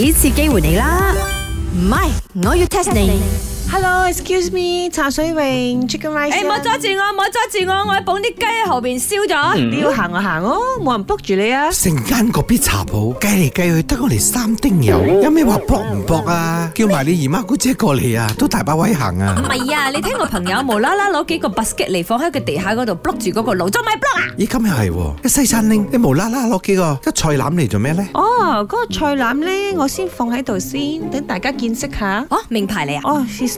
一次機會你啦，唔係，我要 test 你。Hello, excuse me，茶水榮 Chicken Rice。唔好阻住我，唔好阻住我，我喺捧啲雞喺後邊燒咗。你要行啊行哦，冇人卜住你啊！成間嗰啲茶鋪，計嚟計去得我哋三丁油，嗯、有咩話卜唔卜啊？叫埋你姨媽姑姐過嚟啊，都大把位行啊！唔係啊，你聽我朋友 無啦啦攞幾個 basket 嚟放喺個地下嗰度卜住嗰個爐，就咪卜啊？咦、欸，今日係喎，個西餐拎，你無啦啦攞幾個個菜籃嚟做咩咧？哦，嗰、嗰個菜籃咧，我先放喺度先，等大家見識一下。哦，名牌嚟啊！哦，試試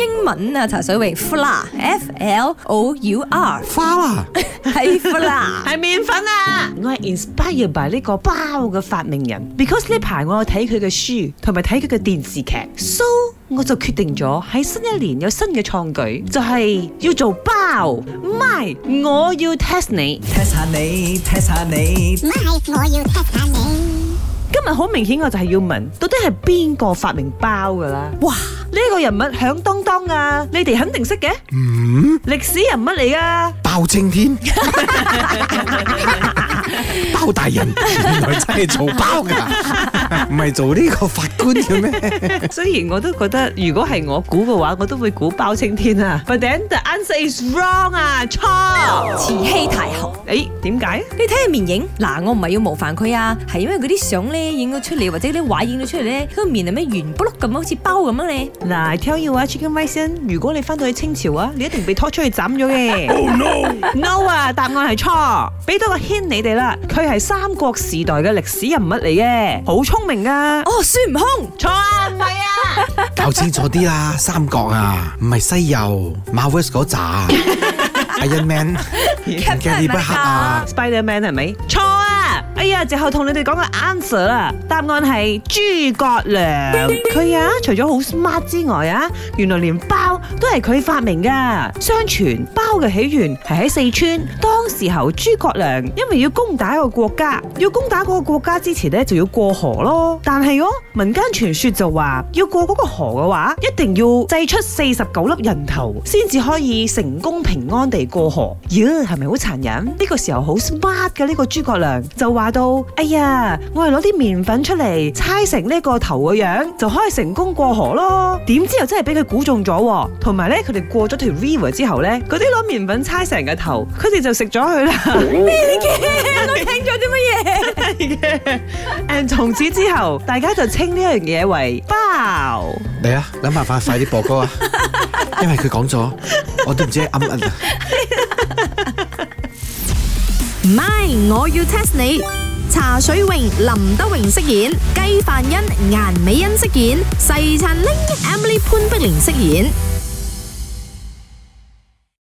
英文啊，查水榮，flour，f l o u r，flour，係 flour 係麵粉啊！ 我係 inspired by 呢個包嘅發明人，because 呢排我有睇佢嘅書同埋睇佢嘅電視劇，so 我就決定咗喺新一年有新嘅創舉，就係、是、要做包。My 我要 test 你，test 下你，test 下你 My 我要 test 下你。今日好明顯，我就係要問，到底係邊個發明包噶啦？哇！呢個人物響當當啊！你哋肯定識嘅，嗯，歷史人物嚟啊！包青正天， 包大人，原來真係做包噶。唔、啊、係做呢個法官嘅咩？ 雖然我都覺得，如果係我估嘅話，我都會估包青天啊。But then the answer is wrong 啊，錯！慈禧太后，誒點解？你睇下面影嗱，我唔係要冒犯佢啊，係因為嗰啲相咧影咗出嚟，或者啲畫影咗出嚟咧，佢個面係咩圓碌碌咁，好似包咁啊你。嗱，tell you 啊，Chicken Tyson 如果你翻到去清朝啊，你一定被拖出去斬咗嘅。no！No、oh, no 啊，答案係錯。俾多個 hint 你哋啦，佢係三國時代嘅歷史人物嚟嘅，好聰聰明啊！哦，孫悟空，錯啊，唔係啊，搞清楚啲啦，三國啊，唔係西遊，Marvel 嗰扎，Iron Man，Captain America 啊，Spider Man 係咪？錯啊！哎呀，最後同你哋講個 answer 啦，答案係諸葛亮，佢啊除咗好 smart 之外啊，原來連包都係佢發明噶，相傳包嘅起源係喺四川。時候諸葛亮因為要攻打一個國家，要攻打個國家之前咧就要過河咯。但係哦，民間傳說就話要過嗰個河嘅話，一定要祭出四十九粒人頭，先至可以成功平安地過河。咦係咪好殘忍？呢個時候好 smart 嘅呢個諸葛亮就話到：哎呀，我係攞啲麵粉出嚟搓成呢個頭嘅樣子，就可以成功過河咯。點知又真係俾佢估中咗，同埋咧佢哋過咗條 river 之後咧，啲攞麵粉搓成嘅頭，佢哋就食咗。咗去啦！咩嘅？我聽咗啲乜嘢？真係嘅。誒，從此之後，大家就稱呢樣嘢為包。嚟啊，諗辦法快啲播歌啊！因為佢講咗，我都唔知暗唔暗啊。My，我要 test 你。茶水榮、林德榮飾演，雞凡欣、顏美欣飾演，細陳玲、Emily 潘碧玲飾演。